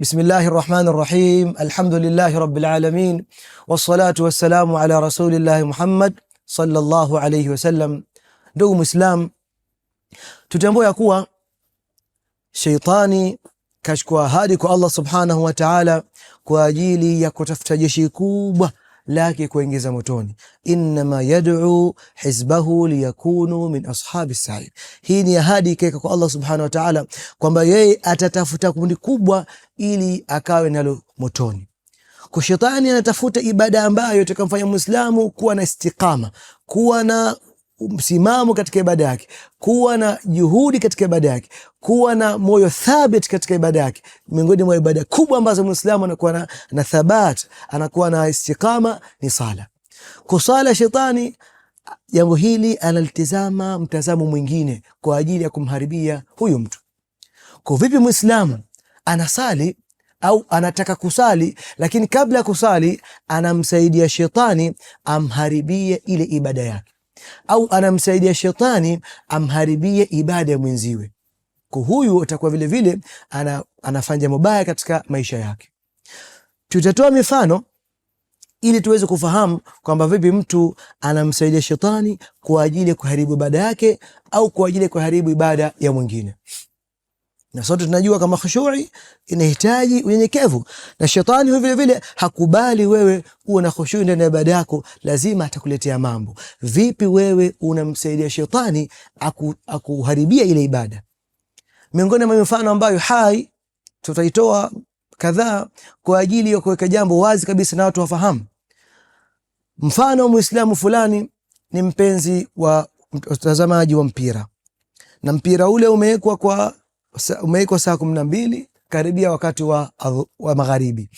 بسم الله الرحمن الرحيم الحمد لله رب العالمين والصلاة والسلام على رسول الله محمد صلى الله عليه وسلم دوم إسلام تجنبوا يقوى شيطاني كشكوا هادك الله سبحانه وتعالى كواجيلي يكتفت جشي كوبه lake kuingiza motoni. Innama yad'u hizbahu liyakunu min ashabi sa'id. Hii ni ahadi ikaweka kwa Allah subhanahu wa ta'ala kwamba yeye atatafuta kundi kubwa ili akawe nalo motoni. Kwa shetani anatafuta ibada ambayo itakamfanya Muislamu kuwa na istiqama, kuwa na msimamo katika ibada yake, kuwa na juhudi katika ibada yake, kuwa na moyo thabiti katika ibada yake. Miongoni mwa ibada kubwa ambazo Muislamu anakuwa na, na thabat anakuwa na istiqama ni sala. Kusala shetani jambo hili analitizama mtazamo mwingine kwa ajili ya kumharibia huyu mtu. Kwa vipi Muislamu anasali au anataka kusali, lakini kabla ya kusali anamsaidia shetani amharibie ile ibada yake au anamsaidia shetani amharibie ibada ya mwenziwe. Kwa huyu atakuwa vile vile ana, anafanya mabaya katika maisha yake. Tutatoa mifano ili tuweze kufahamu kwamba vipi mtu anamsaidia shetani kwa ajili ya kuharibu ibada yake au kwa ajili ya kuharibu ibada ya mwingine na sote tunajua kama khushui inahitaji unyenyekevu, na shetani vile vile hakubali wewe uwe na khushui ndani ya ibada yako, lazima atakuletea mambo. Vipi wewe unamsaidia shetani aku, akuharibia ile ibada? Miongoni mwa mifano ambayo hai tutaitoa kadhaa kwa ajili ya kuweka jambo wazi kabisa na watu wafahamu. Mfano, muislamu fulani ni mpenzi wa mtazamaji wa mpira na mpira ule umewekwa kwa umeikwa saa kumi na mbili karibia wakati wa, uh, wa magharibi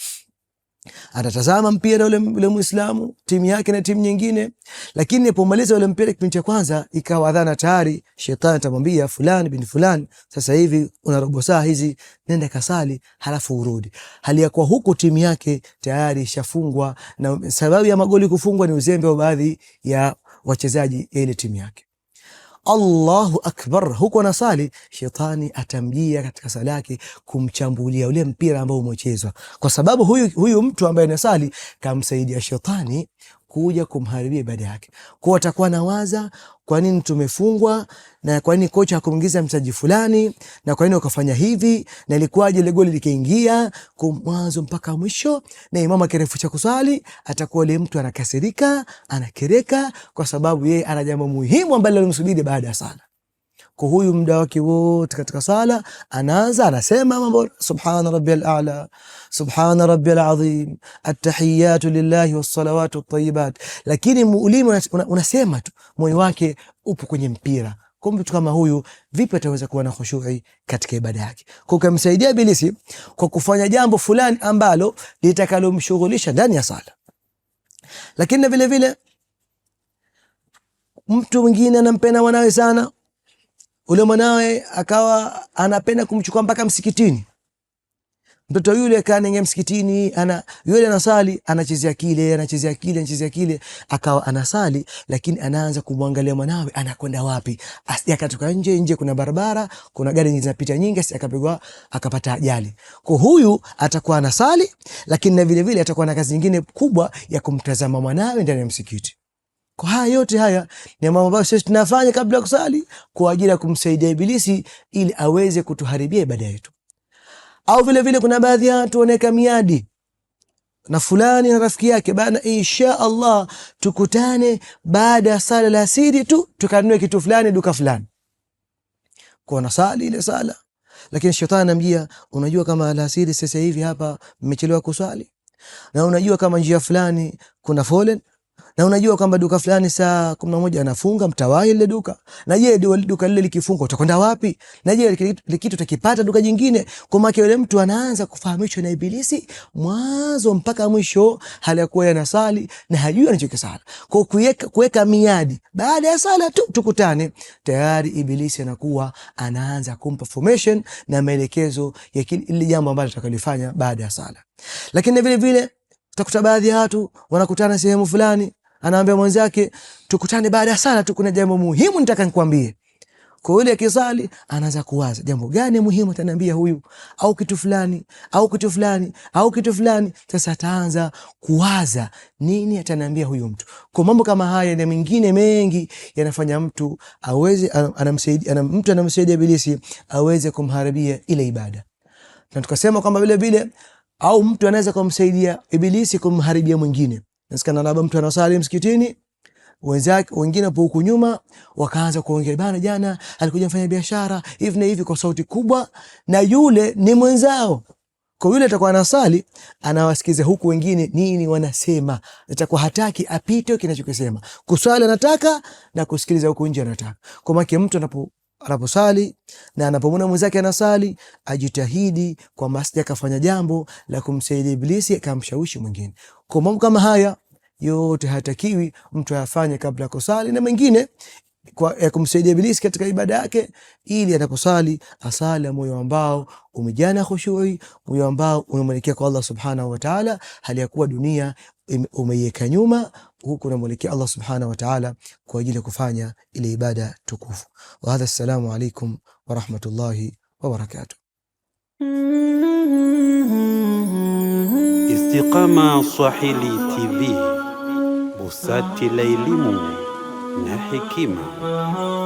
atatazama mpira ule, ule Muislamu timu yake na timu nyingine, lakini apomaliza ule mpira kipindi cha kwanza, ikawa dhana tayari, shetani atamwambia fulani bin fulani, sasa hivi una robo saa hizi, nenda kasali halafu urudi. Hali ya kuwa huku timu yake tayari ishafungwa, na sababu ya magoli kufungwa ni uzembe wa baadhi ya wachezaji ya ile timu yake. Allahu akbar huko sali shetani atamjia katika sala yake kumchambulia ule mpira ambao umechezwa, kwa sababu huyu, huyu mtu ambaye anasali kamsaidia shetani kuja kumharibia ibada yake. Kwa watakuwa na waza kwa nini tumefungwa na kwa nini kocha hakumwingiza mchezaji fulani na kwa nini ukafanya hivi na ilikuwaje ile goli likaingia kwa mwanzo mpaka mwisho, na imamu akirefusha kuswali, atakuwa ile mtu anakasirika, anakereka kwa sababu yeye ana jambo muhimu ambalo alimsubiri baada ya sala kwa huyu muda wake wote katika sala anaanza anasema mambo subhana rabbiyal a'la, subhana rabbiyal azim, attahiyatu lillahi wassalawatu tayyibat. Lakini ulimi unasema tu, moyo wake upo kwenye mpira. Kwa mtu kama huyu, vipi ataweza kuwa na khushui katika ibada yake? Kwa kumsaidia Ibilisi kwa kufanya jambo fulani ambalo litakalomshughulisha ndani ya sala, lakini vile vile mtu mwingine anampenda wanawe sana Ule mwanawe akawa anapenda kumchukua mpaka msikitini. Mtoto yule kanenge msikitini, ana yule anasali, anachezea kile, anachezea kile, anachezea kile, akawa anasali, lakini anaanza kumwangalia mwanawe anakwenda wapi. Asije akatoka nje, nje kuna barabara, kuna gari nyingi zinapita nyingi, asi akapigwa akapata ajali. Kwa huyu atakuwa anasali, lakini na vile vile atakuwa na kazi nyingine kubwa ya kumtazama mwanawe ndani ya msikiti. Kwa haya yote haya ni mambo ambayo sisi tunafanya kabla ya kusali kwa ajili ya kumsaidia Ibilisi ili aweze kutuharibia ibada yetu. Au vile vile kuna baadhi ya watu wanaweka miadi na fulani na rafiki yake bana, insha Allah tukutane baada ya sala la asiri tu tukanunue kitu fulani duka fulani, kwa nasali ile sala. Lakini shetani anamjia, unajua kama alasiri sasa hivi hapa mmechelewa kuswali, na unajua kama njia fulani kuna foleni na unajua kwamba duka fulani saa kumi na moja anafunga, mtawahi lile duka. Na je, duka lile likifunga utakwenda wapi? Na je, likitu utakipata duka jingine? Kwa maana yule mtu anaanza kufahamishwa na Ibilisi mwanzo mpaka mwisho, hali ya kuwa anasali na hajui anachokisali. Kwa kuweka kuweka miadi, baada ya sala tu tukutane, tayari Ibilisi anakuwa anaanza kumpa formation na maelekezo ya kile jambo ambalo atakalifanya baada ya sala. Lakini vile vile utakuta baadhi ya watu wanakutana sehemu fulani anaambia mwenzake tukutane baada ya sala tu, kuna jambo muhimu nitaka nikwambie. Kwa yule akisali anaanza kuwaza jambo gani muhimu ataniambia huyu, au kitu fulani au kitu fulani au kitu fulani. Sasa ataanza kuwaza nini ataniambia huyu mtu. Kwa mambo kama haya na mengine mengi yanafanya mtu aweze, anamsaidia anam, mtu anamsaidia ibilisi aweze kumharibia ile ibada, na tukasema kwamba vile vile, au mtu anaweza kumsaidia ibilisi kumharibia mwingine Nasikana labda mtu anasali msikitini wenzake wengine hapo huku nyuma wakaanza kuongea bana, jana alikuja mfanya biashara hivi na hivi, kwa sauti kubwa, na yule ni mwenzao. Kwa yule atakuwa anasali anawasikiza huku wengine nini wanasema, atakuwa hataki apite kinachokisema. Kuswali anataka na kusikiliza huku nje anataka. Kwa maana mtu anapo anaposali na anapomwona mwenzake anasali, ajitahidi kwa asije akafanya jambo la kumsaidia Iblisi akamshawishi mwingine. Kwa mambo kama haya yote hayatakiwi mtu ayafanye kabla ya kusali na mengine kwa, ya kumsaidia Ibilisi katika ibada yake, ili anaposali asali ya moyo ambao umejana khushui, moyo ambao unamwelekea kwa Allah subhanahu wa ta'ala, hali ya kuwa dunia umeiweka nyuma, huku unamwelekea Allah subhanahu wa ta'ala kwa ajili ya kufanya ile ibada tukufu. wa hadha, assalamu alaikum wa rahmatullahi wa barakatuh. Istiqama Swahili TV la elimu na hekima.